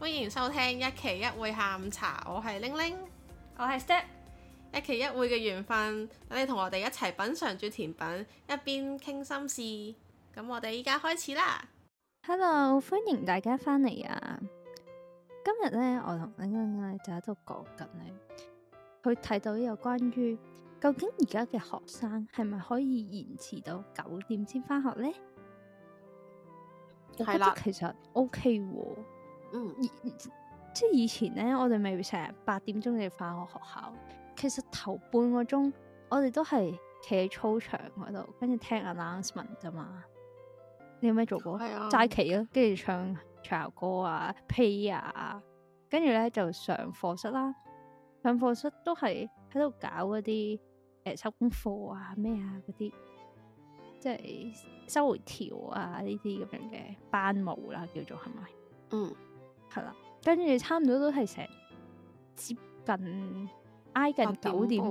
歡迎收聽一期一會下午茶，我係玲玲，我係 Step。一期一會嘅緣分，等你同我哋一齊品嘗住甜品，一邊傾心事。咁我哋依家開始啦。Hello，歡迎大家返嚟啊！今日呢，我同玲玲就喺度講緊咧，去睇到呢有關於。究竟而家嘅學生係咪可以延遲到九點先返學咧？的我覺得其實 O K 喎，嗯，即係以前咧，我哋咪成日八點鐘就返學學校。其實頭半個鐘我哋都係企喺操場嗰度，跟住聽 announcement 啫嘛。你有咩做過？齋企咯，跟住唱唱歌啊、P 啊，跟住咧就上課室啦。上課室都係喺度搞嗰啲。誒，收功課啊，咩啊嗰啲，即係收回條啊呢啲咁樣嘅班務啦、啊，叫做係咪？是是嗯，係啦，跟住差唔多都係成接近挨近九點，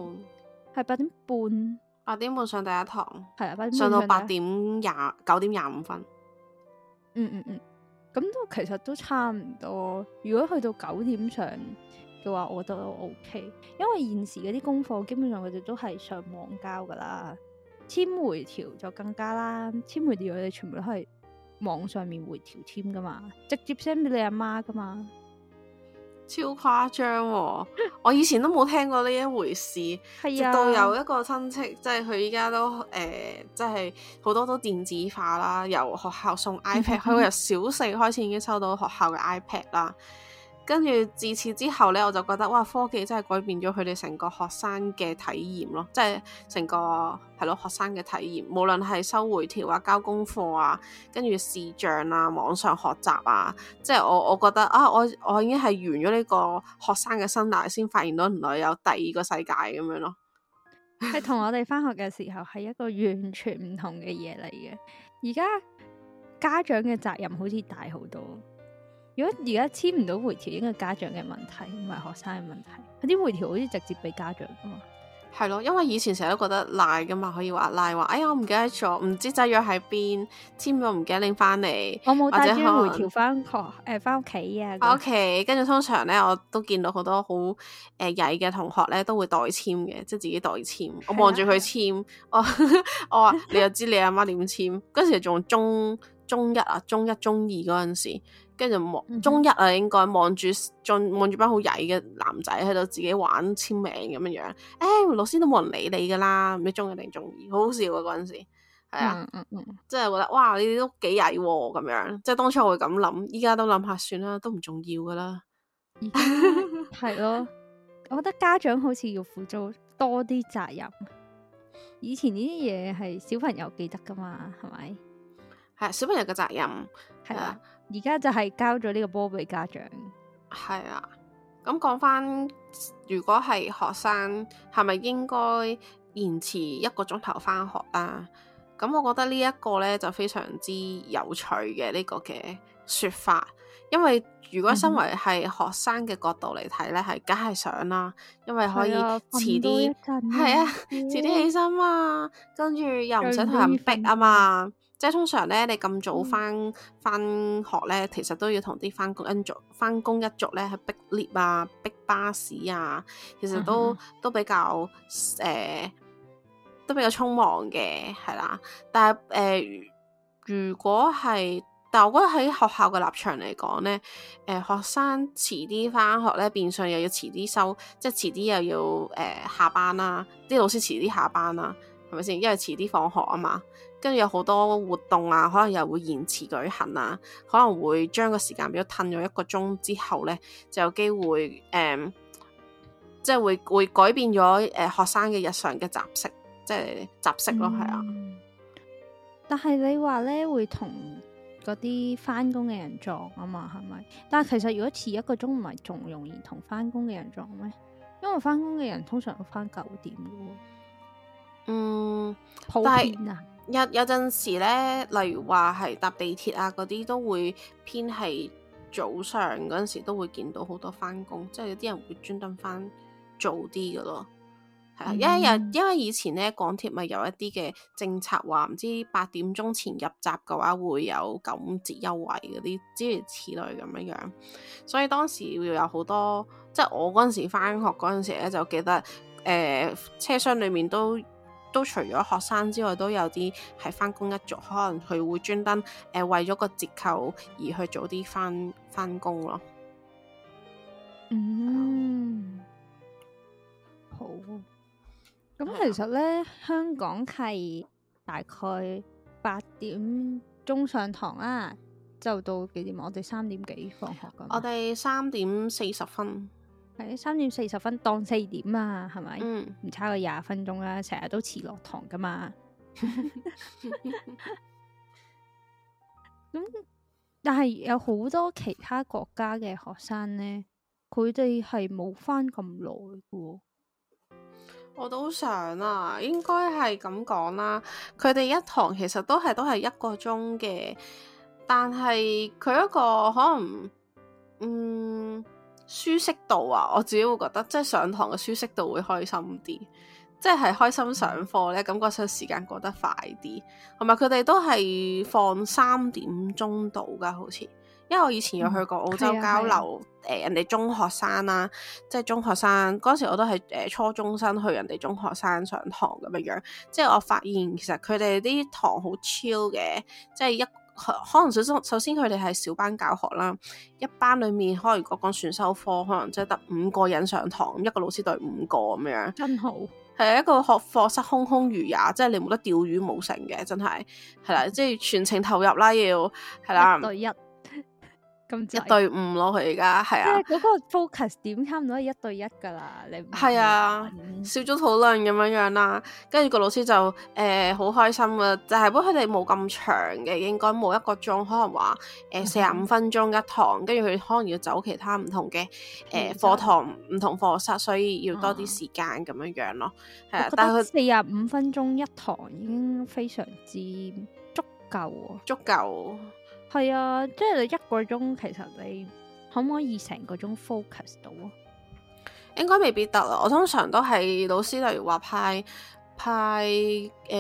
係八點半，八點半上第一堂，係啊，點上，上到八點廿九點廿五分。嗯嗯嗯，咁都其實都差唔多。如果去到九點上嘅話，我覺得都 OK，因為現時嗰啲功課基本上佢哋都係上網交噶啦，簽回條就更加啦，簽回條佢哋全部都係網上面回條簽噶嘛，直接 send 俾你阿媽噶嘛，超誇張喎， 我以前都冇聽過呢一回事， 啊、直到有一個親戚，即係佢依家都誒，即係好多都電子化啦，由學校送 iPad，佢會由小四開始已經收到學校嘅 iPad 啦。跟住自此之後咧，我就覺得哇，科技真係改變咗佢哋成個學生嘅體驗咯，即係成個係咯學生嘅體驗，無論係收回條啊、交功課啊、跟住視像啊、網上學習啊，即係我我覺得啊，我我已經係完咗呢個學生嘅生涯，先發現到原來有第二個世界咁樣咯。係同我哋返學嘅時候係一個完全唔同嘅嘢嚟嘅，而家家長嘅責任好似大好多。如果而家簽唔到回條，應該係家長嘅問題，唔係學生嘅問題。佢啲回條好似直接俾家長噶嘛？係咯，因為以前成日都覺得賴噶嘛，可以話賴話。哎呀，我唔記得咗，唔知劑藥喺邊，簽咗唔記得拎翻嚟。我冇帶啲回條翻學，誒翻屋企啊。我屋企，跟住、okay, 通常咧，我都見到好多好誒曳嘅同學咧，都會代簽嘅，即係自己代簽。我望住佢簽，的 我我話你又知你阿媽點簽？嗰時仲中。中一啊，中一中二嗰陣時，跟住望中一啊，應該望住望住班好曳嘅男仔喺度自己玩簽名咁樣，誒、欸，老師都冇人理你噶啦，唔知中一定中二，好好笑啊嗰陣時。係啊，嗯嗯嗯，即係覺得哇，你哋都幾曳咁樣，即係當初我會咁諗，依家都諗下算啦，都唔重要噶啦，係咯， 我覺得家長好似要負咗多啲責任，以前呢啲嘢係小朋友記得噶嘛，係咪？係小朋友嘅責任係啦，而家、啊啊、就係交咗呢個波俾家長係啊，咁講翻，如果係學生，係咪應該延遲一個鐘頭翻學啊？咁我覺得呢一個咧就非常之有趣嘅呢、這個嘅說法，因為如果身為係學生嘅角度嚟睇咧，係梗係想啦、啊，因為可以遲啲係啊，遲啲起身啊，啊啊嗯、跟住又唔使同人逼啊嘛。即係通常咧，你咁早翻翻學咧，其實都要同啲翻工一族、翻工一族咧，去逼 lift 啊、逼巴士啊，其實都都比較誒、呃，都比較匆忙嘅，係啦。但係誒、呃，如果係，但係我覺得喺學校嘅立場嚟講咧，誒、呃，學生遲啲翻學咧，變相又要遲啲收，即係遲啲又要誒、呃、下班啦，啲老師遲啲下班啦，係咪先？因為遲啲放學啊嘛。跟住有好多活動啊，可能又會延遲舉行啊，可能會將個時間表咗褪咗一個鐘之後咧，就有機會誒、嗯，即係會會改變咗誒、呃、學生嘅日常嘅習息，即係習息咯，係、嗯、啊。但係你話咧，會同嗰啲返工嘅人撞啊嘛？係咪？但係其實如果遲一個鐘，唔係仲容易同返工嘅人撞咩？因為返工嘅人通常都翻九點喎，嗯，普遍啊。有有陣時咧，例如話係搭地鐵啊嗰啲，都會偏係早上嗰陣時都會見到好多返工，即係有啲人會專登返早啲嘅咯。係啊，一日因為以前咧港鐵咪有一啲嘅政策話，唔知八點鐘前入閘嘅話會有九五折優惠嗰啲諸如此類咁樣樣，所以當時會有好多，即係我嗰陣時返學嗰陣時咧就記得，誒、呃、車廂裡面都。都除咗學生之外，都有啲係返工一族，可能佢會專登誒為咗個折扣而去早啲返返工咯。嗯，oh. 好。咁其實呢，oh. 香港係大概八點鐘上堂啦，就到幾點？我哋三點幾放學㗎。我哋三點四十分。係三點四十分，當四點啊，係咪唔差個廿分鐘啦、啊？成日都遲落堂噶嘛。咁 但係有好多其他國家嘅學生呢，佢哋係冇返咁耐嘅。我都想啊，應該係咁講啦。佢哋一堂其實都係都係一個鐘嘅，但係佢一個可能，嗯。舒適度啊，我自己會覺得即係上堂嘅舒適度會開心啲，即係開心上課咧，嗯、感覺上時間過得快啲。同埋佢哋都係放三點鐘到噶，好似，因為我以前有去過澳洲交流，誒、嗯啊啊呃、人哋中學生啦、啊，即係中學生嗰時我都係誒、呃、初中生去人哋中學生上堂咁樣樣，即係我發現其實佢哋啲堂好 chill 嘅，即係一。可能首先首先佢哋係小班教學啦，一班裏面可能如果講選修科，可能即係得五個人上堂，一個老師對五個咁樣，真好。係一個課室空空如也，即係你冇得釣魚冇成嘅，真係係啦，即係全程投入啦，要係啦。一對一。一對五咯，佢而家係啊，即嗰個 focus 點差唔多一對一㗎啦，你係啊，少咗討論咁樣樣、啊、啦。跟住個老師就誒好、呃、開心啊，就係幫佢哋冇咁長嘅，應該冇一個鐘，可能話誒四十五分鐘一堂，跟住佢可能要走其他唔同嘅誒、呃嗯、課堂唔、嗯、同課室，所以要多啲時間咁樣樣咯，係啊。但係佢四十五分鐘一堂已經非常之足、啊、足夠，足夠。係啊，即係一個鐘，其實你可唔可以成個鐘 focus 到啊？應該未必得啊。我通常都係老師，例如話派派、呃、派派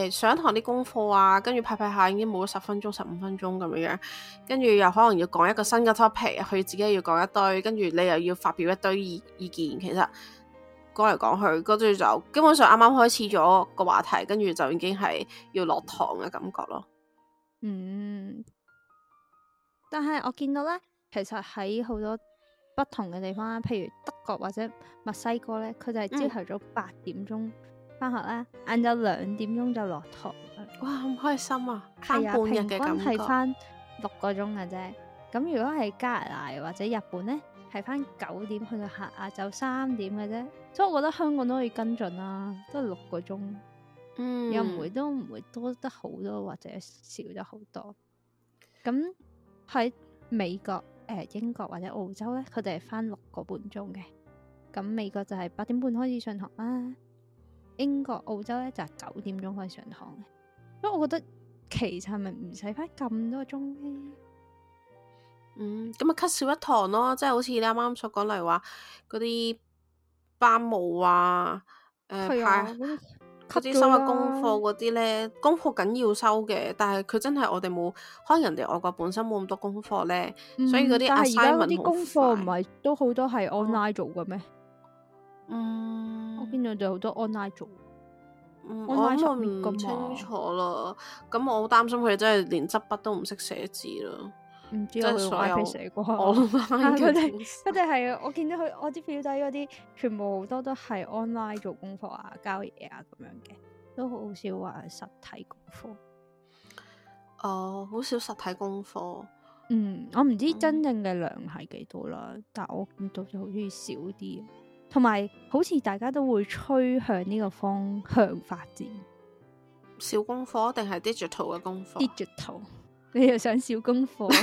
誒上堂啲功課啊，跟住派派下已經冇咗十分鐘、十五分鐘咁樣樣，跟住又可能要講一個新嘅 topic，佢自己要講一堆，跟住你又要發表一堆意意見，其實講嚟講去，跟住就基本上啱啱開始咗個話題，跟住就已經係要落堂嘅感覺咯。嗯。但係我見到咧，其實喺好多不同嘅地方啦，譬如德國或者墨西哥咧，佢就係朝頭早八點鐘翻學啦，晏晝兩點鐘就落堂。哇，好開心啊！上半日嘅感覺。係啊，平均係翻六個鐘嘅啫。咁如果係加拿大或者日本咧，係翻九點去到下晏晝三點嘅啫。所以我覺得香港都可以跟進啦，啊，都係六個鐘，嗯，又唔會都唔會多得好多或者少得好多咁。喺美國、誒、呃、英國或者澳洲咧，佢哋係返六個半鐘嘅。咁美國就係八點半開始上堂啦，英國澳洲咧就係、是、九點鐘開始上堂。所以我覺得其實係咪唔使返咁多個鐘咧？嗯，咁啊 cut 少一堂咯，即、就、係、是、好似你啱啱所講，例如話嗰啲班務啊，誒派。嗰啲收嘅功課嗰啲咧，功課緊要收嘅，但係佢真係我哋冇，可能人哋外國本身冇咁多功課咧，嗯、所以嗰啲 assignment 而家啲功課唔係都好多係 online 做嘅咩？嗯，我見到就好多 online 做，我唔係咁清楚啦。咁我好擔心佢哋真係連執筆都唔識寫字咯。唔知我會 iPad 死光，反係 啊！我見到佢，我啲表弟嗰啲全部好多都係 online 做功課啊、交嘢啊咁樣嘅，都好少話實體功課。哦，好少實體功課。嗯，我唔知真正嘅量係幾多啦，嗯、但係我見到就好似少啲，同埋好似大家都會趨向呢個方向發展。小功課定係 digital 嘅功課？digital。你又想少功課？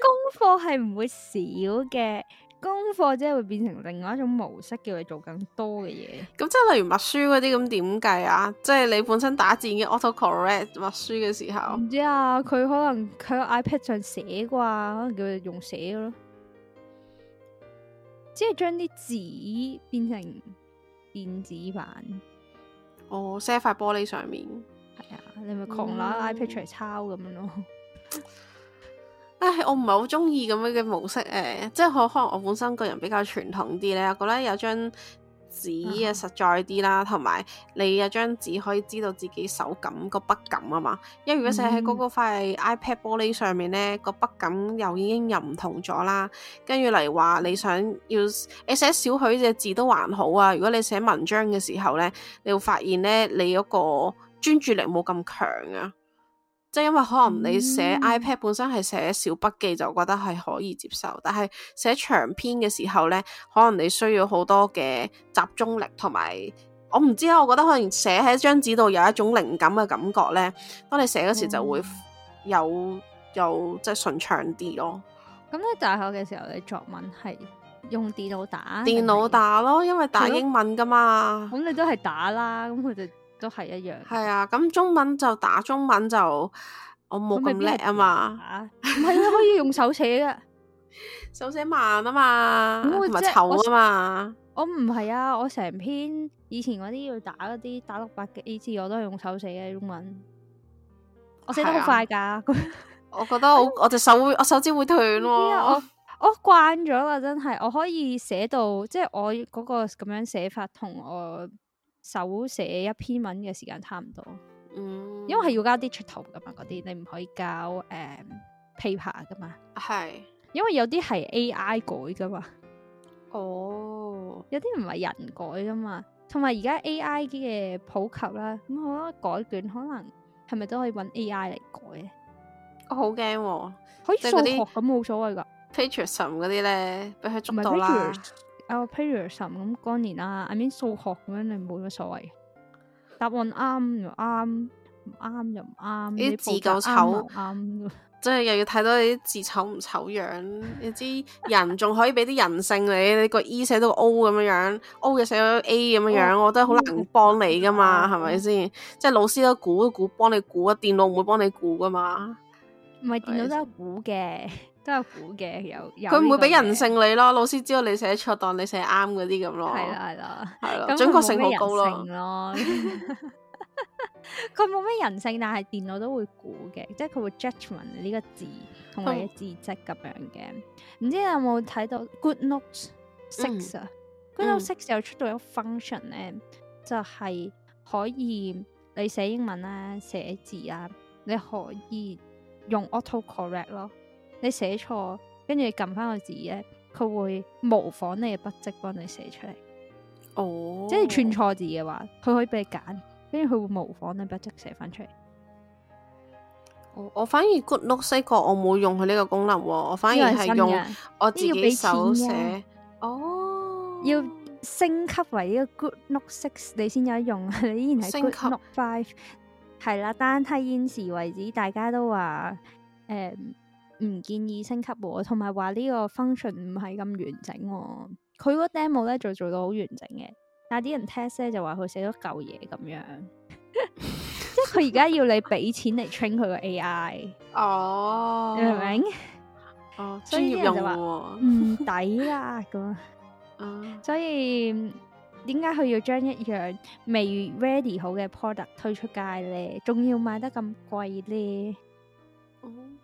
功課係唔會少嘅，功課即係會變成另外一種模式，叫你做更多嘅嘢。咁即係例如默書嗰啲咁點計啊？即係你本身打字嘅 auto correct 默書嘅時候，唔知啊，佢可能佢喺 iPad 上寫啩，可能叫佢用寫咯，即係將啲紙變成電子版，哦，set 塊玻璃上面。你咪狂拉 iPad 出嚟抄咁樣咯？唉、 哎，我唔係好中意咁樣嘅模式誒、呃，即係可能我本身個人比較傳統啲咧，我覺得有張紙啊實在啲啦，同埋、嗯、你有張紙可以知道自己手感個筆感啊嘛。因為如果寫喺嗰個塊 iPad 玻璃上面咧，個筆感又已經又唔同咗啦。跟住嚟話你想要你寫少許嘅字都還好啊。如果你寫文章嘅時候咧，你會發現咧你嗰、那個。專注力冇咁強啊，即係因為可能你寫 iPad 本身係寫小筆記、嗯、就覺得係可以接受，但係寫長篇嘅時候咧，可能你需要好多嘅集中力，同埋我唔知啦。我覺得可能寫喺張紙度有一種靈感嘅感覺咧，當你寫嗰時就會有、嗯、有，有即係順暢啲咯。咁你大學嘅時候你作文係用電腦打？電腦打咯，因為打英文噶嘛。咁你都係打啦，咁佢就。都係一樣，係啊！咁、嗯、中文就打中文就我冇咁叻啊嘛，唔係啊，可以用手寫嘅，手寫慢啊嘛，唔係醜啊嘛。我唔係啊，我成篇以前嗰啲要打嗰啲打六百嘅字，我都係用手寫嘅中文，我寫得好快噶。我、啊、 我覺得我，我隻手會我手指會斷、啊。我我慣咗啦，真係我可以寫到，即係我嗰個咁樣寫法同我。手寫一篇文嘅時間差唔多，嗯，因為係要交啲出圖噶嘛，嗰啲你唔可以交誒 paper 噶嘛，係，因為有啲係 AI 改噶嘛，哦，有啲唔係人改噶嘛，同埋而家 AI 嘅普及啦，咁好啦，改卷可能係咪都可以揾 AI 嚟改咧？我好驚、啊，可以數學咁冇所謂噶，Patreon 嗰啲咧，俾佢、um、捉到啦。啊，period 十咁嗰年啦，I mean 數學咁樣你冇乜所謂，答案啱又啱，唔啱又唔啱，字夠醜你啲字夠醜，啱，即係又要睇到你啲字醜唔醜樣， 你知，人仲可以俾啲人性你，你個 E 寫到 O 咁樣樣，O 嘅寫到 A 咁樣樣，哦、我覺得好難幫你噶嘛，係咪先？是是 即係老師都估一估幫你估，電腦唔會幫你估噶嘛，唔係 電腦都係估嘅。 都有估嘅，有有，佢唔會俾人性你咯，老師知道你寫錯，當你寫啱嗰啲咁咯。係啦，係啦，係的咯，準確性好高咯。佢冇咩人性，但係電腦都會估嘅，即係佢會 judgement 呢個字同埋字跡咁樣嘅。唔、嗯、知你有冇睇到 Good Notes Six 啊、嗯、？Good Notes Six 又出到一個 function 咧，就係、是、可以你寫英文啦、啊，寫字啊，你可以用 auto correct 咯。你寫錯，跟住撳翻個字咧，佢會模仿你嘅筆跡幫你寫出嚟。哦，oh. 即係串錯字嘅話，佢可以俾你揀，跟住佢會模仿你筆跡寫翻出嚟。我、oh. 我反而 Good Note Six，我冇用佢呢個功能、哦，我反而係用我自己手寫。哦，要升級為呢個 Good Note Six，你先有得用。你依然係 Good Note Five，係啦，單梯現時為止，大家都話誒。嗯唔建議升級喎、啊，同埋話呢個 function 唔係咁完整喎、啊。佢個 demo 咧就做到好完整嘅，但係啲人 test 咧就話佢寫咗舊嘢咁樣，即係佢而家要你俾錢嚟 train 佢個 AI 哦，你明唔明？哦，業用啊、所以啲人就話唔抵啊咁啊， 嗯、 所以點解佢要將一樣未 ready 好嘅 product 推出街咧，仲要賣得咁貴咧？哦、嗯。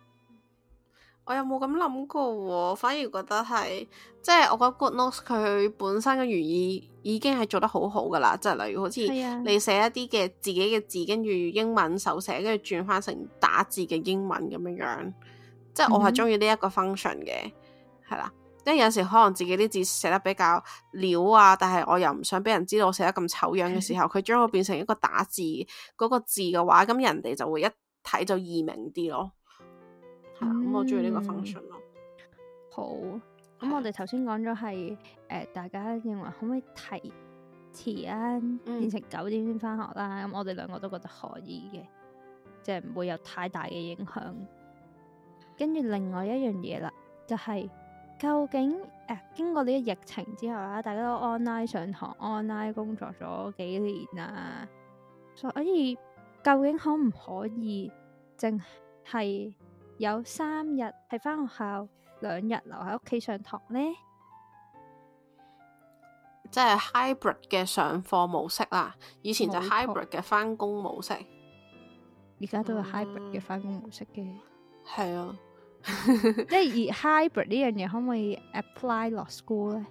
我又冇咁諗過、哦，反而覺得係即係我覺得 GoodNotes 佢本身嘅原意已經係做得好好噶啦，即係例如好似你寫一啲嘅自己嘅字，跟住英文手寫，跟住轉翻成打字嘅英文咁樣樣，即係我係中意呢一個 function 嘅，係啦、嗯，因為有時可能自己啲字寫得比較潦啊，但係我又唔想俾人知道我寫得咁醜樣嘅時候，佢將的我變成一個打字嗰、那個字嘅話，咁人哋就會一睇就易明啲咯。咁、嗯、我中意呢個 function 咯。好咁，我哋頭先講咗係誒，大家認為可唔可以提遲啊，變、嗯、成九點先返學啦？咁我哋兩個都覺得可以嘅，即係唔會有太大嘅影響。跟住另外一樣嘢啦，就係、是、究竟誒、呃、經過呢個疫情之後啊，大家都 online 上堂、online 工作咗幾年啊，所以究竟可唔可以淨係有三日係翻學校，兩日留喺屋企上堂呢，即係 hybrid 嘅上課模式啦。以前就 hybrid 嘅翻工模式，而家都係 hybrid 嘅翻工模式嘅。係 啊，啊，即係以 hybrid 呢樣嘢可唔可以 apply 落 school 咧？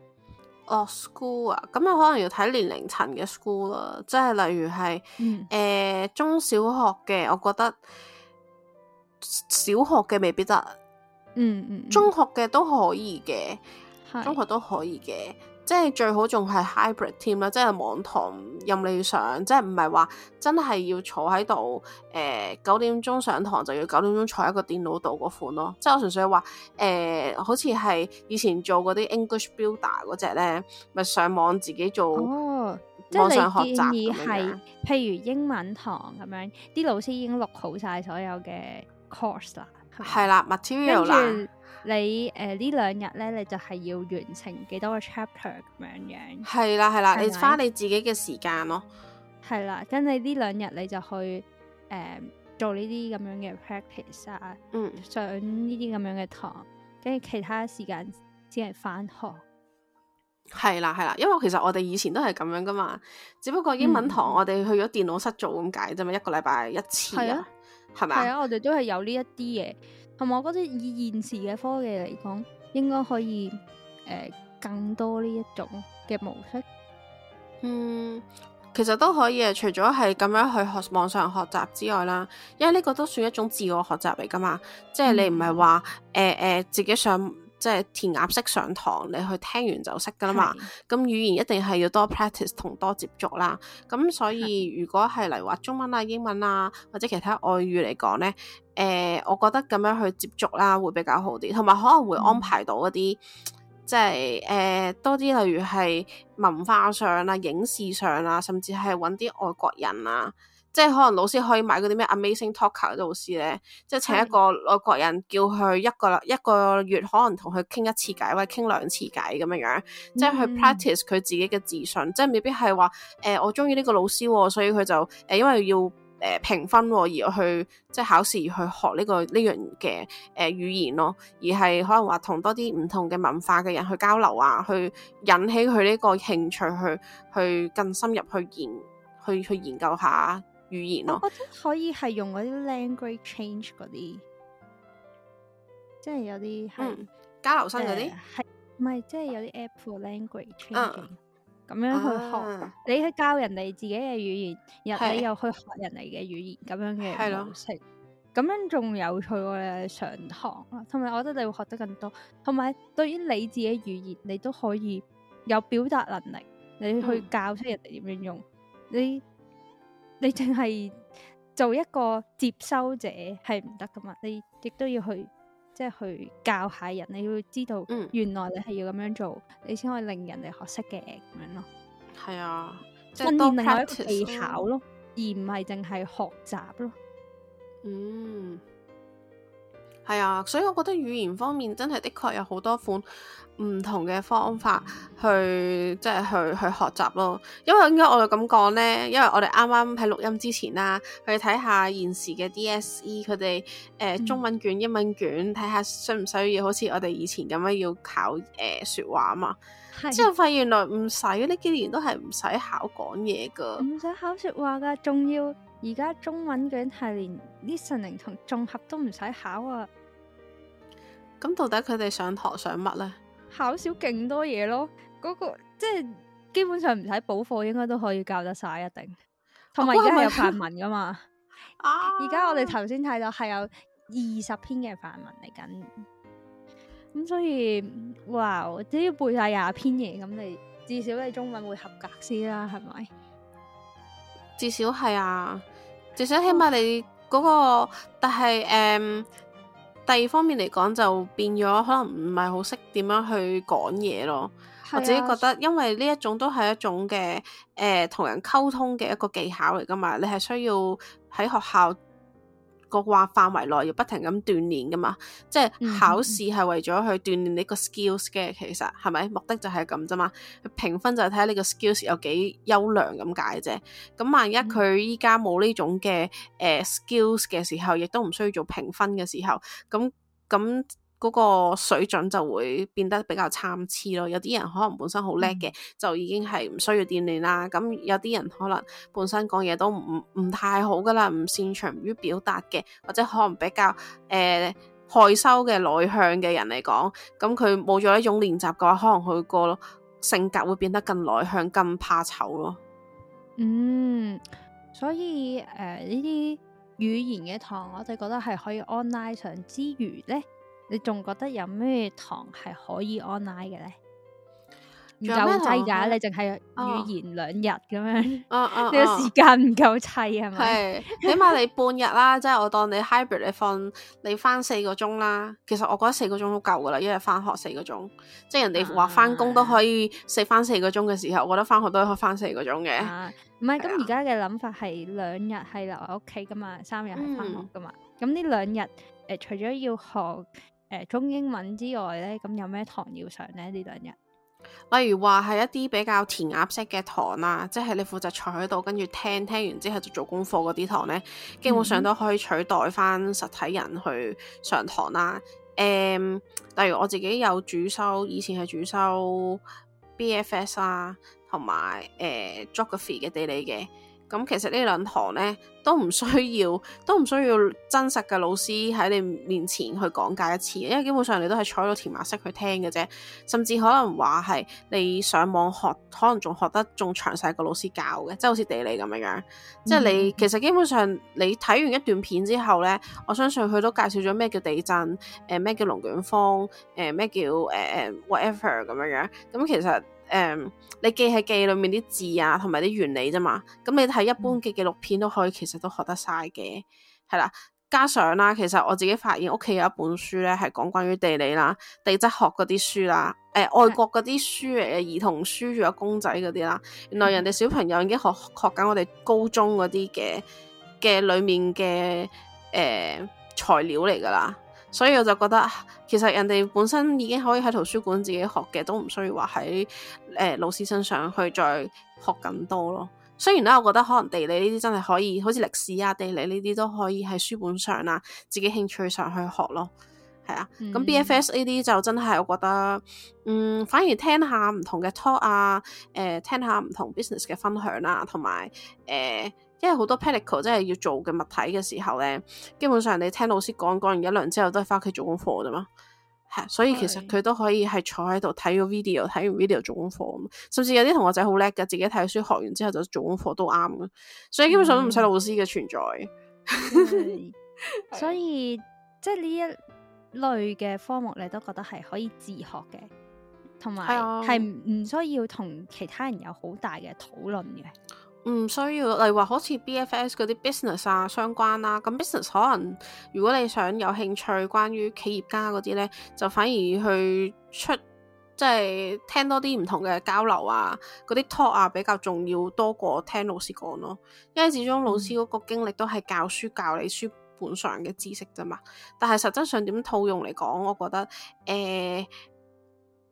落 school 啊，咁啊可能要睇年齡層嘅 school 啦。即係例如係誒、嗯呃、中小學嘅，我覺得。小學嘅未必得，嗯，嗯嗯，中學嘅都可以嘅，是中學都可以嘅，即係最好仲係 hybrid 添啦，即係網堂任你上，即係唔係話真係要坐喺度，誒九點鐘上堂就要九點鐘坐喺個電腦度嗰款咯，即係我純粹話，誒、呃、好似係以前做嗰啲 English Builder 嗰隻咧，咪上網自己做，哦，網上學習，即係建議係，樣譬如英文堂咁樣，啲老師已經錄好晒所有嘅。course 啦，係啦，material 啦。跟住你誒呢兩日咧，你就係要完成幾多個 chapter 咁樣樣。係啦，係啦，吧你翻你自己嘅時間咯。係啦，跟你呢兩日你就去誒、呃、做呢啲咁樣嘅 practice 啊，嗯、上呢啲咁樣嘅堂，跟住其他時間先係翻學。係啦，係啦，因為其實我哋以前都係咁樣噶嘛，只不過英文堂、嗯、我哋去咗電腦室做咁解啫嘛，一個禮拜一次啊的。係嘛？係啊，我哋都係有呢一啲嘢，同埋我覺得以現時嘅科技嚟講，應該可以誒更多呢一種嘅模式。嗯，其實都可以啊，除咗係咁樣去學網上學習之外啦，因為呢個都算一種自我學習嚟㗎嘛，嗯、即係你唔係話誒誒自己想。即係填鴨式上堂，你去聽完就識噶啦嘛。咁的語言一定係要多 practice 同多接觸啦。咁所以的如果係嚟話中文啊、英文啊或者其他外語嚟講呢，誒、呃，我覺得咁樣去接觸啦會比較好啲，同埋可能會安排到一啲即係誒多啲，例如係文化上啊、影視上啊，甚至係揾啲外國人啊。即係可能老師可以買嗰啲咩 Amazing Talker 老師咧，即係請一個外國人叫佢一個的一個月可能同佢傾一次偈或者傾兩次偈咁樣樣，mm hmm. 即係去 practice 佢自己嘅自信，即係未必係話誒我中意呢個老師喎，所以佢就誒、呃、因為要誒、呃、評分而去即係考試而去學呢、呢個呢樣嘅誒語言咯，而係可能話同多啲唔同嘅文化嘅人去交流啊，去引起佢呢個興趣去去更深入去研去去研究下。語言、哦哦、我覺得可以係用嗰啲 language change 嗰啲，即係有啲係交流生嗰啲，係唔係即係有啲 app for language change 咁、啊、樣去學。啊、你去教人哋自己嘅語言，又你又去學人哋嘅語言，咁樣嘅模式，咁是的 樣仲有趣我哋上堂。同埋，我覺得你會學得更多。同埋，對於你自己語言，你都可以有表達能力，你去教出人哋點樣用、嗯、你。你淨係做一個接收者係唔得噶嘛？你亦都要去即係去教下人，你要知道，原來你係要咁樣做，你先可以令人哋學識嘅咁樣咯。係啊，訓練另外一個技巧咯，而唔係淨係學習咯。嗯。係啊，所以我覺得語言方面真係的確有好多款唔同嘅方法去即係去去學習咯。因為點解我要咁講呢，因為我哋啱啱喺錄音之前啦、啊，去睇下現時嘅 DSE 佢哋誒中文卷、英文卷，睇下需唔需要好似我哋以前咁樣要考誒、呃、說話啊嘛。的之後發現原來唔使，呢幾年都係唔使考講嘢噶，唔使考說話噶，仲要而家中文卷係連 listening 同綜合都唔使考啊。咁到底佢哋上堂上乜咧？呢考少勁多嘢咯，嗰、嗰個即係基本上唔使補課，應該都可以教得晒一定。同埋而家有範文噶嘛？ 啊！而家我哋頭先睇到係有二十篇嘅範文嚟緊。咁所以哇，我都要背晒廿篇嘢咁你至少你中文會合格先啦，係咪？至少係啊，至少起碼你嗰、嗰個，但係誒。Um, 第二方面嚟講，就變咗可能唔係好識點樣去講嘢咯。啊、我自己覺得，因為呢一種都係一種嘅誒同人溝通嘅一個技巧嚟㗎嘛，你係需要喺學校，個話範圍內要不停咁鍛鍊噶嘛，即係考試係為咗去鍛鍊你個 skills 嘅，其實係咪目的就係咁啫嘛？佢評分就係睇下你個 skills 有幾優良咁解啫。咁萬一佢依家冇呢種嘅誒 skills 嘅時候，亦都唔需要做評分嘅時候，咁咁。嗰個水準就會變得比較參差咯。有啲人可能本身好叻嘅，嗯、就已經係唔需要鍛鍊啦。咁有啲人可能本身講嘢都唔唔太好噶啦，唔擅長於表達嘅，或者可能比較誒、呃、害羞嘅內向嘅人嚟講，咁佢冇咗呢種練習嘅話，可能佢個性格會變得更內向、更怕醜咯。嗯，所以誒呢啲語言嘅堂，我哋覺得係可以 online 上之餘呢。你仲覺得有咩堂係可以 online 嘅咧？唔夠砌噶，你淨係語言兩日咁樣。你個時間唔夠砌係咪？係，起碼你半日啦，即係我當你 hybrid，你瞓你翻四個鐘啦。其實我覺得四個鐘都夠噶啦，一日翻學四個鐘，即係人哋話翻工都可以食翻四個鐘嘅時候，我覺得翻學都可以翻四個鐘嘅。唔係，咁而家嘅諗法係兩日係留喺屋企噶嘛，三日係翻學噶嘛。咁呢兩日誒，除咗要學。誒中英文之外咧，咁有咩堂要上咧？呢兩日，例如話係一啲比較填鴨式嘅堂啦，即係你負責坐喺度，跟住聽聽完之後就做功課嗰啲堂咧，基本上都可以取代翻實體人去上堂啦。誒、嗯嗯，例如我自己有主修，以前係主修 BFS 啊，同埋誒 Geography 嘅地理嘅。咁其實呢兩堂咧，都唔需要，都唔需要真實嘅老師喺你面前去講解一次，因為基本上你都係坐喺度填鴨式去聽嘅啫，甚至可能話係你上網學，可能仲學得仲詳細過老師教嘅，即係好似地理咁樣樣，即係你、嗯、其實基本上你睇完一段片之後咧，我相信佢都介紹咗咩叫地震，誒、呃、咩叫龍捲風，誒、呃、咩叫誒、呃、whatever 咁樣樣，咁、嗯、其實。誒、嗯，你記係記裏面啲字啊，同埋啲原理啫嘛。咁你睇一般嘅紀錄片都可以，其實都學得晒嘅，係啦。加上啦、啊，其實我自己發現屋企有一本書咧，係講關於地理啦、地質學嗰啲書啦，誒、呃，外國嗰啲書嚟嘅的兒童書，仲有公仔嗰啲啦。原來人哋小朋友已經學學緊我哋高中嗰啲嘅嘅裏面嘅誒、呃、材料嚟㗎啦。所以我就覺得，其實人哋本身已經可以喺圖書館自己學嘅，都唔需要話喺誒老師身上去再學更多咯。雖然咧，我覺得可能地理呢啲真係可以，好似歷史啊、地理呢啲都可以喺書本上啊，自己興趣上去學咯。係啊，咁、嗯、BFS 呢啲就真係我覺得，嗯，反而聽下唔同嘅 talk 啊，誒、呃，聽下唔同 business 嘅分享啊，同埋誒。呃因為好多 physical 即係要做嘅物體嘅時候咧，基本上你聽老師講，講完一輪之後，都係翻屋企做功課啫嘛。係，所以其實佢都可以係坐喺度睇個 video，睇完 video 做功課。甚至有啲同學仔好叻嘅，自己睇書學完之後就做功課都啱嘅。所以基本上都唔使老師嘅存在。嗯、 所以即係呢一類嘅科目，你都覺得係可以自學嘅，同埋係唔需要同其他人有好大嘅討論嘅。唔需要，例如話好似 BFS 嗰啲 business 啊，相關啦，啊，咁 business 可能如果你想有興趣關於企業家嗰啲咧，就反而去出即係聽多啲唔同嘅交流啊，嗰啲 talk 啊比較重要多過聽老師講咯，因為始終老師嗰個經歷都係教書教你書本上嘅知識啫嘛，但係實質上點套用嚟講，我覺得誒。欸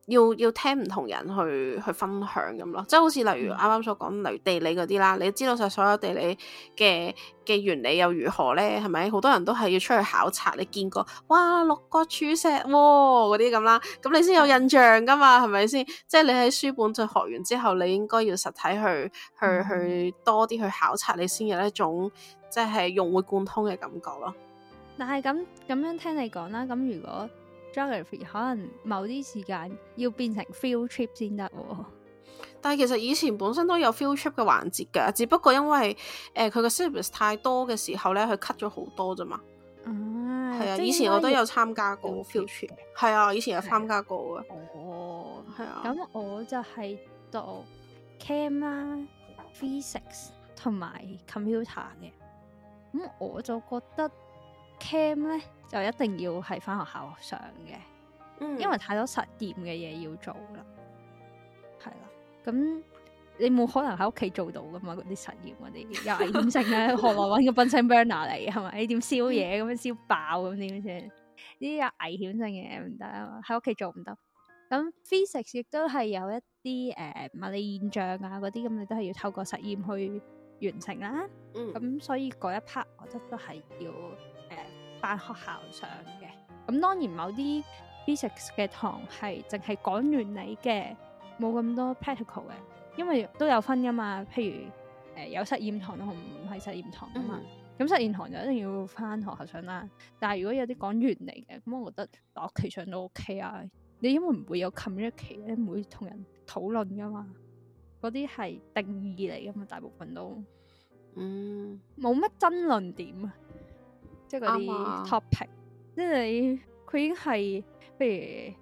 要要聽唔同人去去分享咁咯，即係好似例如啱啱所講嚟地理嗰啲啦，嗯、你知道晒所有地理嘅嘅原理又如何咧？係咪？好多人都係要出去考察，你見過哇六角柱石嗰啲咁啦，咁你先有印象噶嘛？係咪先？即係、嗯、你喺書本就學完之後，你應該要實體去去去多啲去考察你，你先有一種即係融會貫通嘅感覺咯。但係咁咁樣聽你講啦，咁如果？可能某啲時間要變成 field trip 先得，但係其實以前本身都有 field trip 嘅環節嘅，只不過因為誒佢個 service 太多嘅時候咧，佢 cut 咗好多啫嘛。哦，係啊，以前我都有參加過 field trip，係啊， 以前有參加過嘅。哦，係啊對。咁我就係讀 chem 啦、physics 同埋 computer 嘅，咁我就覺得。cam 咧就一定要係翻學校上嘅，嗯、因為太多實驗嘅嘢要做啦，係啦。咁你冇可能喺屋企做到噶嘛？嗰啲實驗嗰啲有危險性咧， 何來揾個 Bunsen burner 嚟係咪？你點燒嘢咁樣燒爆咁點先？呢啲 有危險性嘅唔得嘛？喺屋企做唔得。咁 physics 亦都係有一啲誒、呃、物理現象啊，嗰啲咁你都係要透過實驗去完成啦。咁、嗯、所以嗰一 part 我覺得都係要。返學校上嘅，咁、嗯、當然某啲 physics 嘅堂係淨係講原理嘅，冇咁多 practical 嘅，因為都有分噶嘛。譬如誒、呃、有實驗堂同唔係實驗堂啊嘛。咁、嗯嗯、實驗堂就一定要翻學校上啦。但係如果有啲講原理嘅，咁我覺得落期、啊、上都 O K 啊。你因為唔會有冚一期，你唔會同人討論噶嘛。嗰啲係定義嚟噶嘛，大部分都嗯冇乜爭論點啊。即係嗰啲 topic，、啊、即係佢已經係，譬如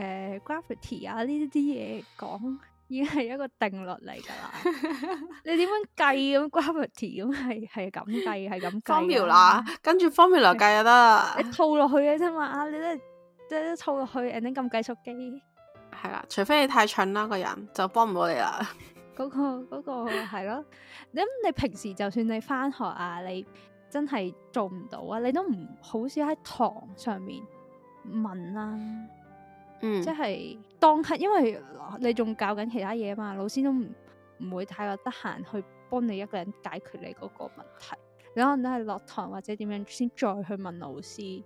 誒 gravity 啊呢啲嘢講，已經係一個定律嚟噶 啦。 你點樣計咁 gravity 咁係係咁計係咁 formula 啦？跟住 formula 計就得啦。你套落去嘅啫嘛，你都係真係套落去，然後咁計數機係啦。除非你太蠢啦，幫了了 嗰個人就幫唔到你啦。嗰、嗰個嗰個係咯，咁你平時就算你返學啊，你。真係做唔到啊！你都唔好少喺堂上面問啦、啊，嗯即，即係當刻，因為你仲教緊其他嘢啊嘛，老師都唔唔會太過得閒去幫你一個人解決你嗰個問題，你可能都係落堂或者點樣先再去問老師，因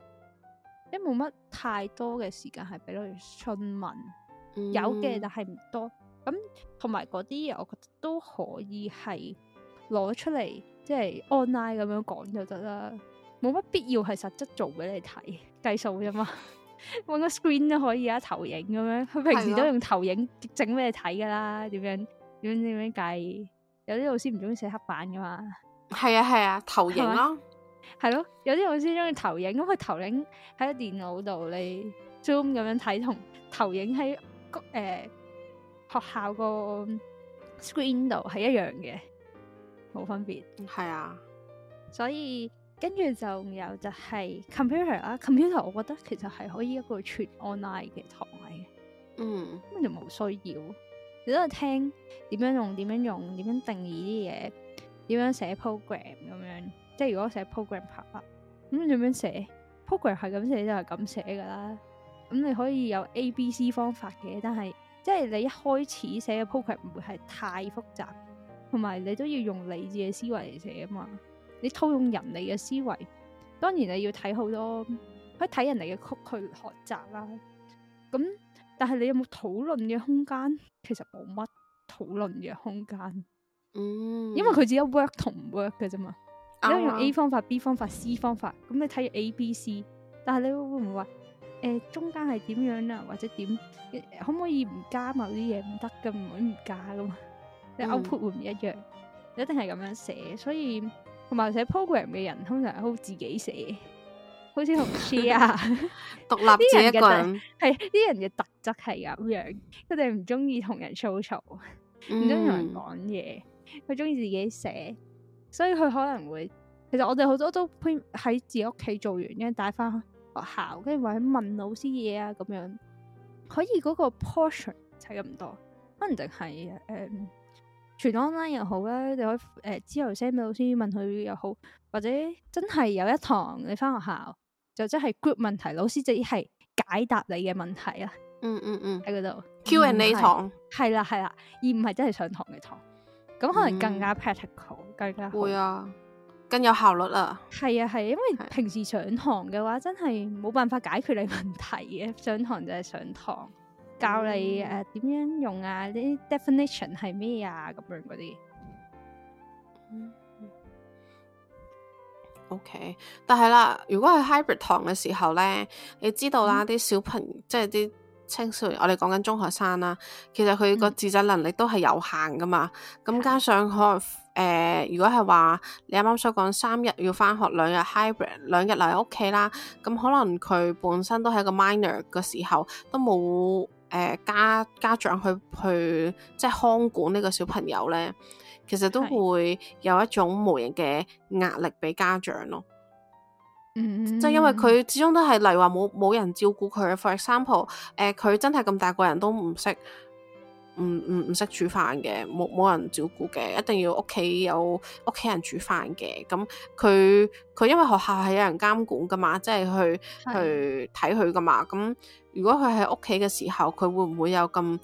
為冇乜太多嘅時間係俾你詢問，嗯、有嘅但係唔多。咁同埋嗰啲嘢，我覺得都可以係攞出嚟。即係 online 咁樣講就得啦，冇乜必要係實質做俾你睇計數啫嘛。搵 個 screen 都可以啊，投影咁樣。佢平時都用投影整俾你睇噶啦，點的樣點樣點樣計？有啲老師唔中意寫黑板噶嘛？係啊係啊，投影咯。係咯，有啲老師中意投影咁，佢投影喺個電腦度你 zoom 咁樣睇，同投影喺誒、呃、學校個 screen 度係一樣嘅。冇分別，係啊，所以跟住就有就係、是、computer 啦、啊，computer 我覺得其實係可以一個全 online 嘅堂嚟嘅，嗯，咁就冇需要，你都係聽點樣用，點樣用，點樣，樣定義啲嘢，點樣寫 program 咁樣，即係如果寫 program 啦，咁你點樣寫 program 係咁寫就係咁寫㗎啦，咁你可以有 A、B、C 方法嘅，但係即係你一開始寫嘅 program 唔會係太複雜。同埋你都要用理智嘅思維嚟寫啊嘛，你套用人哋嘅思維，當然你要睇好多，可以睇人哋嘅曲去學習啦。咁但係你有冇討論嘅空間？其實冇乜討論嘅空間。嗯，因為佢只有 work 同唔 work 噶啫嘛。嗯、你用 A 方法、嗯、B 方法、C 方法，咁你睇 A、B、C。但係你會唔會話，誒、呃、中間係點樣啊？或者點可唔可以唔加某啲嘢唔得噶？唔可以唔加噶嘛？你 output 會唔一樣，嗯、一定係咁樣寫，所以同埋寫 program 嘅人通常係好自己寫，好似同 She 啊，獨立住一個人係啲人嘅 特質係咁樣，佢哋唔中意同人嘈嘈，唔中意同人講嘢，佢中意自己寫，所以佢可能會，其實我哋好多都喺自己屋企做完，跟住帶翻學校，跟住或者問老師嘢啊咁樣，可以嗰個 portion 就係咁多，可能淨係誒。Um, 全 online 又好咧，你可以誒、呃、之後 send 俾老師問佢又好，或者真係有一堂你返學校就真係 group 問題，老師即係解答你嘅問題啊、嗯。嗯嗯嗯，喺嗰度 Q&A 堂，係啦係啦，而唔係真係上堂嘅堂。咁可能更加 practical，嗯、更加會啊，更有效率啊。係啊係，因為平時上堂嘅話真係冇辦法解決你問題嘅，上堂就係上堂。教你誒點、呃嗯、樣用啊？啲 definition 係咩啊？咁樣嗰啲。嗯嗯、o、okay. K，但係啦，如果係 hybrid 堂嘅時候咧，你知道啦，啲、嗯、小朋即係啲青少年，我哋講緊中學生啦，其實佢個自制能力都係有限噶嘛。咁、嗯、加上佢誒、呃，如果係話你啱啱所講三日要返學，兩日 hybrid，兩日留喺屋企啦，咁可能佢本身都係一個 minor 嘅時候，都冇。誒、呃，家家長去去即係看管呢個小朋友咧，其實都會有一種無形嘅壓力俾家長咯。嗯， 即係因為佢始終都係例如話冇冇人照顧佢嘅 for example，誒、呃，佢真係咁大個人都唔識。唔唔唔識煮飯嘅，冇冇人照顧嘅，一定要屋企有屋企人煮飯嘅。咁佢佢因為學校係有人監管㗎嘛，即係去的去睇佢㗎嘛。咁如果佢喺屋企嘅時候，佢會唔會有咁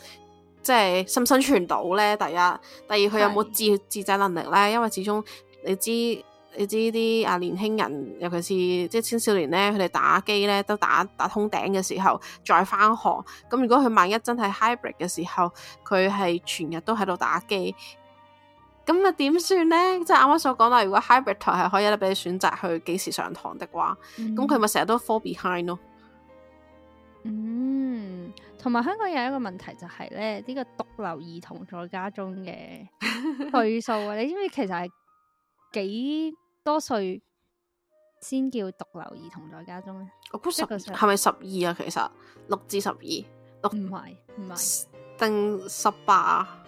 即係生生存到咧？第一，第二佢有冇自的自制能力咧？因為始終你知。你知啲啊，年輕人尤其是即係青少年咧，佢哋打機咧都打打通頂嘅時候，再返學。咁如果佢萬一真係 hybrid 嘅時候，佢係全日都喺度打機，咁啊點算咧？即係啱啱所講啦，如果 hybrid 台係可以俾你選擇去幾時上堂的話，咁佢咪成日都 fall behind 咯、哦。嗯，同埋香港有一個問題就係咧，呢、呢個獨留兒童在家中嘅歲數啊， 你知唔知其實係幾？多歲先叫獨留兒童在家中咧？我估十係咪十二啊？其實六至十二，六唔係唔係定十八啊？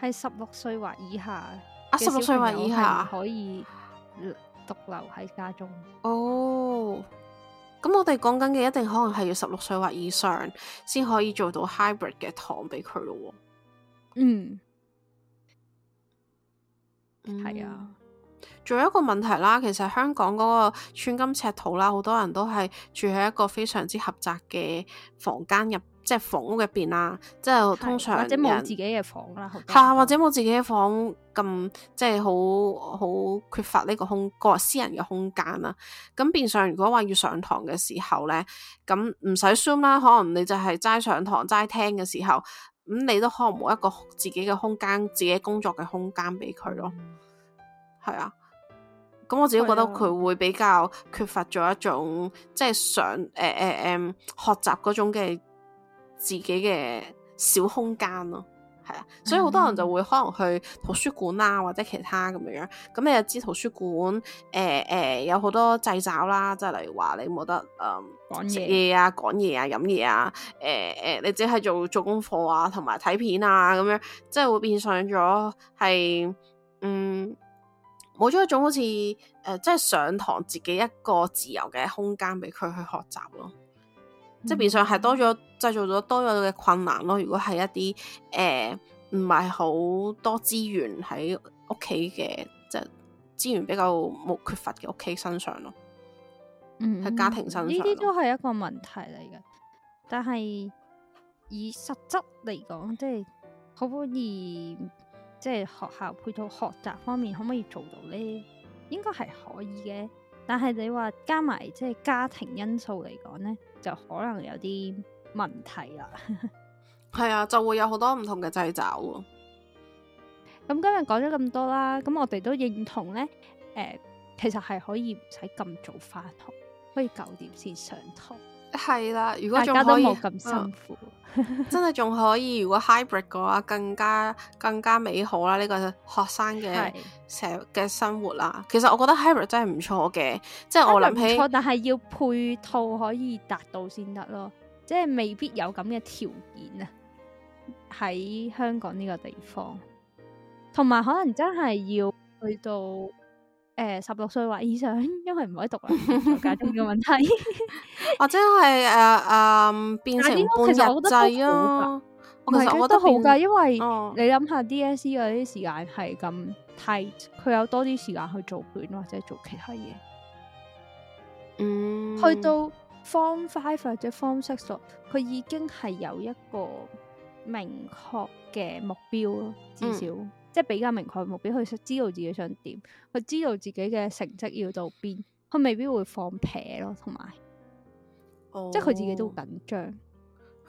係十六歲或以下啊！十六歲或以下可以獨留喺家中。哦，咁我哋講緊嘅一定可能係要十六歲或以上先可以做到 hybrid 嘅堂俾佢咯。嗯，係、嗯、啊。仲有一個問題啦，其實香港嗰個寸金尺土啦，好多人都係住喺一個非常之狹窄嘅房間入，即係房屋入邊啦，即係的通常或者冇自己嘅房啦，嚇、啊、或者冇自己嘅房咁，即係好好缺乏呢個空、個人私人嘅空間啦。咁變相如果話要上堂嘅時候咧，咁唔使 zoom 啦，可能你就係齋上堂齋聽嘅時候，咁你都可能冇一個自己嘅空間、嗯、自己工作嘅空間俾佢咯，係啊。咁、嗯、我自己覺得佢會比較缺乏咗一種的即係想誒誒誒學習嗰種嘅自己嘅小空間咯，係啊，所以好多人就會可能去圖書館啊，或者其他咁樣樣。咁你又知圖書館誒誒、呃呃、有好多掣肘啦，即係例如你、呃、話你冇得誒食嘢啊、講嘢啊、飲嘢啊，誒、呃、誒、呃、你只係做做功課啊，同埋睇片啊咁樣，即係會變相咗係嗯。冇咗一種好似誒、呃，即係上堂自己一個自由嘅空間俾佢去學習咯，嗯、即係變相係多咗製造咗多咗嘅困難咯。如果係一啲誒唔係好多資源喺屋企嘅，即係資源比較冇缺乏嘅屋企身上咯，嗯，喺家庭身上呢啲都係一個問題嚟嘅，但係以實質嚟講，即係可唔可以？即係學校配套學習方面，可唔可以做到呢？應該係可以嘅，但係你話加埋即係家庭因素嚟講呢，就可能有啲問題啦。係啊，就會有好多唔同嘅掣肘啊。咁、嗯、今日講咗咁多啦，咁、嗯、我哋都認同呢，誒、呃，其實係可以唔使咁早翻學，可以九點先上堂。係啦，如果仲可以，大家都冇咁辛苦，真係仲可以。如果 hybrid 嘅話，更加更加美好啦！呢個學生嘅的社嘅生活啦，其實我覺得 hybrid 真係唔錯嘅，即係我諗起，但係要配套可以達到先得咯， 即係未必有咁嘅條件啊！喺香港呢個地方，同埋可能真係要去到。誒，十六歲或以上，因為唔可以讀啦， 解決嘅問題，或者係誒誒，uh, um, 變成半日制啊。其實我覺得好噶，因為、哦、你諗下 DSE 嗰啲時間係咁 tight，佢有多啲時間去做卷或者做其他嘢。嗯，去到 Form Five 或者 Form Six，佢已經係有一個明確嘅目標咯，至少、嗯。即係比較明確目標，佢知道自己想點，佢知道自己嘅成績要到邊，佢未必會放撇咯，同埋，oh, 即係佢自己都緊張，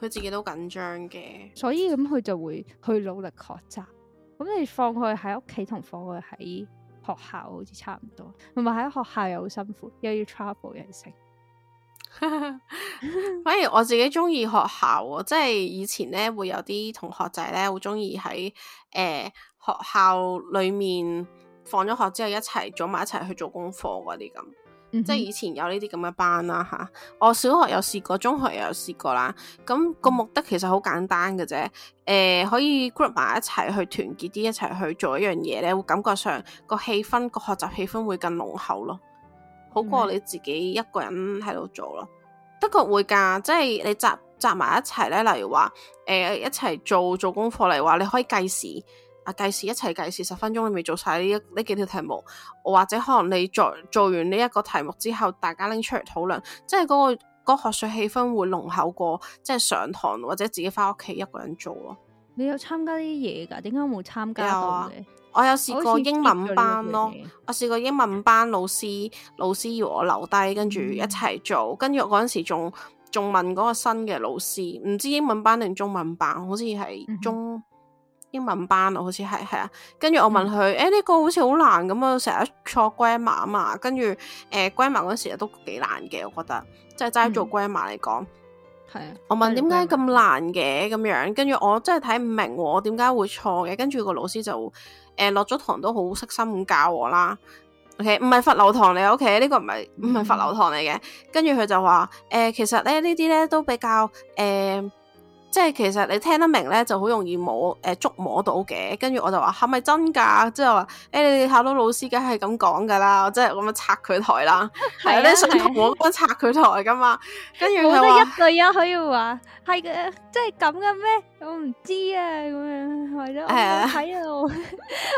佢自己都緊張嘅，所以咁佢就會去努力學習。咁你放佢喺屋企同放佢喺學校好似差唔多，同埋喺學校又好辛苦，又要 travel 又 反而我自己中意學校，即係以前咧會有啲同學仔咧好中意喺誒。學校裏面放咗學之後，一齊組埋一齊去做功課嗰啲咁，嗯、哼即係以前有呢啲咁嘅班啦、啊。嚇、啊，我小學有試過，中學又有試過啦。咁、啊嗰個目的其實好簡單嘅啫，誒、呃、可以 group 埋一齊去團結啲，一齊去做一樣嘢咧，會感覺上個氣氛、嗰個學習氣氛會更濃厚咯，好過你自己一個人喺度做咯。嗯、哼的確會㗎，即係你集集埋一齊咧。例如話誒、呃、一齊做做功課，例如話你可以計時。啊、計時一齊計時，十分鐘你未做晒呢一呢幾條題目，或者可能你做做完呢一個題目之後，大家拎出嚟討論，即係嗰、嗰個嗰學術氣氛會濃厚過，即係上堂或者自己翻屋企一個人做咯。你有參加啲嘢噶？點解冇參加有、啊、我有試過英文班咯，我試過英文班老師老師要我留低，跟住一齊做，跟住嗰陣時仲仲問嗰個新嘅老師，唔知英文班定中文班，好似係中。嗯英文班咯，好似係係啊，跟住我問佢，誒呢、嗯欸呢個好似好難咁啊，成日錯 grammar 啊嘛，跟住誒 grammar 嗰時都幾難嘅，我覺得，即係齋做 grammar 嚟講，係啊、嗯，我問點解咁難嘅咁樣，跟住我真係睇唔明，點解會錯嘅，跟住個老師就，誒落咗堂都好悉心咁教我啦，ok，唔係罰留堂嚟，ok，呢個唔係唔係罰留堂嚟嘅，跟住佢就話，誒、呃、其實咧呢啲咧都比較，誒、呃。即係其實你聽得明咧就好容易摸誒、呃、捉摸到嘅，跟住我就話係咪真噶？即係話誒你哋考到老師梗係咁講噶啦，即係咁樣拆佢台啦、啊呃。你想同我咁樣拆佢台噶嘛？跟住佢得一對一、啊、可以話係嘅，即係咁嘅咩？我唔知啊，咁樣或者我睇啊，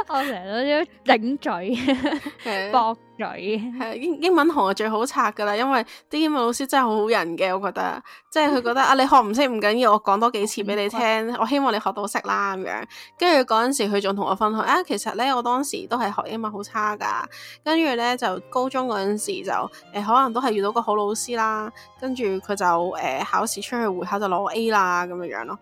我成日 都頂嘴，駁、啊、嘴。係英、啊、英文堂係最好拆噶啦，因為啲英文老師真係好好人嘅，我覺得。即係佢覺得 啊，你學唔識唔緊要，我講多幾次俾你聽， 我希望你學到識啦咁樣。跟住嗰陣時，佢仲同我分享啊，其實咧我當時都係學英文好差噶，跟住咧就高中嗰陣時就誒、呃、可能都係遇到個好老師啦，跟住佢就誒、啊、考試出去會考就攞 A 啦咁樣樣咯。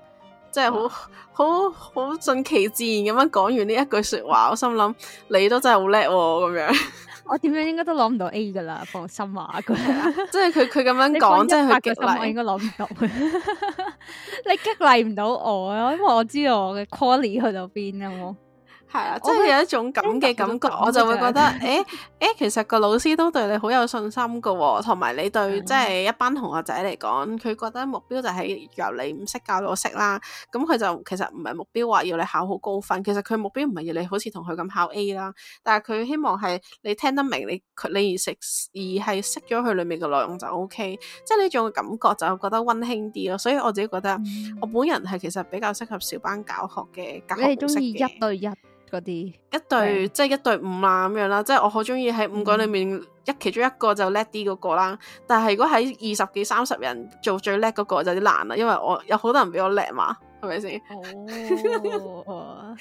真係好好好順其自然咁樣講完呢一句說話，我心諗你都真係好叻喎咁樣。 我點樣應該都攞唔到 A 噶啦，放心啊佢。 即係佢佢咁樣講，即係佢激勵我應該攞唔到。 你激勵唔到我啊，因為我知道我嘅 quality 去到邊啊我。 係啊，即係有一種咁嘅感覺，我就會覺得， 誒誒，其實個老師都對你好有信心噶，同埋你對，即係一班同學仔嚟講，佢覺得目標就係由你唔識教到我識啦。咁、嗯、佢就其實唔係目標話要你考好高分，其實佢目標唔係要你好似同佢咁考 A 啦。但係佢希望係你聽得明，你你而食而係識咗佢裏面嘅內容就 O K。即係呢種嘅感覺就覺得溫馨啲咯。所以我自己覺得，我本人係其實比較適合小班教學嘅。你中意一對一？嗰啲一對是即係一對五啊咁樣啦，即係我好中意喺五個裏面、嗯、一其中一個就叻啲嗰個啦。但係如果喺二十幾三十人做最叻嗰、嗰個就有啲難啦，因為我有好多人比我叻嘛。係咪先？哦，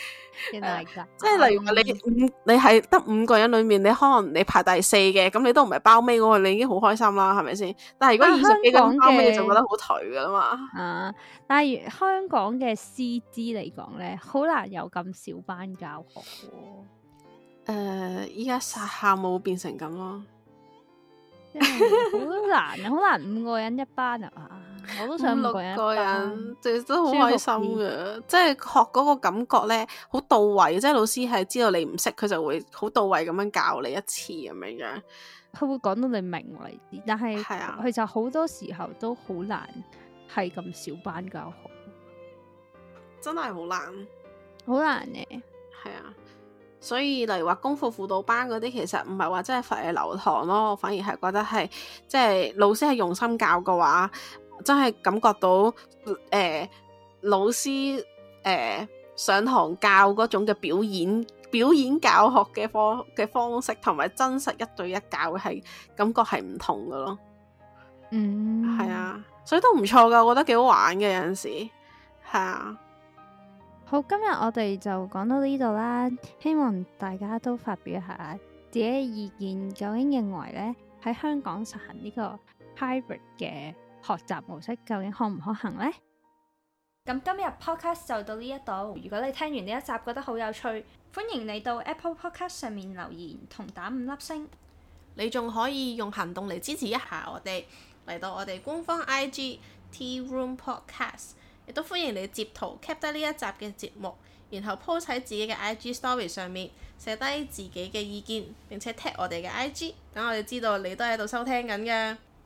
真係噶！即係例如你五，你係得五個人裏面，你可能你排第四嘅，咁你都唔係包尾嘅，你已經好開心啦，係咪先？但係如果二十幾個包尾，就覺得好頹噶啦嘛。啊！但係香港嘅師資嚟講咧，好難有咁少班教學。誒，依家殺校冇變成咁咯，好難，好難五個人一班啊嘛～我都想個六個人，就、嗯、都好開心嘅，即係學嗰個感覺咧，好到位。即係老師係知道你唔識，佢就會好到位咁樣教你一次咁樣樣。佢會講到你明為止。但係佢、啊、就好多時候都難好難，係咁小班教學，真係好難，好難嘅。係啊，所以例如話功課輔導班嗰啲，其實唔係話真係罰你留堂咯，我反而係覺得係、就是、即係老師係用心教嘅話。真係感覺到誒、呃，老師誒、呃、上堂教嗰種嘅表演，表演教學嘅方嘅方式，同埋真實一對一教，係感覺係唔同噶咯。嗯，係啊，所以都唔錯噶，我覺得幾好玩嘅有陣時。係啊。好，今日我哋就講到呢度啦，希望大家都發表下自己嘅意見，究竟認為呢喺香港實行呢個 hybrid 嘅。學習模式究竟可唔可行呢？咁今日 Podcast 就到呢一度。如果你聽完呢一集覺得好有趣，歡迎你到 Apple Podcast 上面留言同打五粒星。你仲可以用行動嚟支持一下我哋嚟到我哋官方 IG Tea Room Podcast，亦都歡迎你截圖 keep 得呢一集嘅節目，然後 post 喺自己嘅 IG Story 上面寫低自己嘅意見，並且 tap 我哋嘅 IG，等我哋知道你都喺度收聽緊嘅。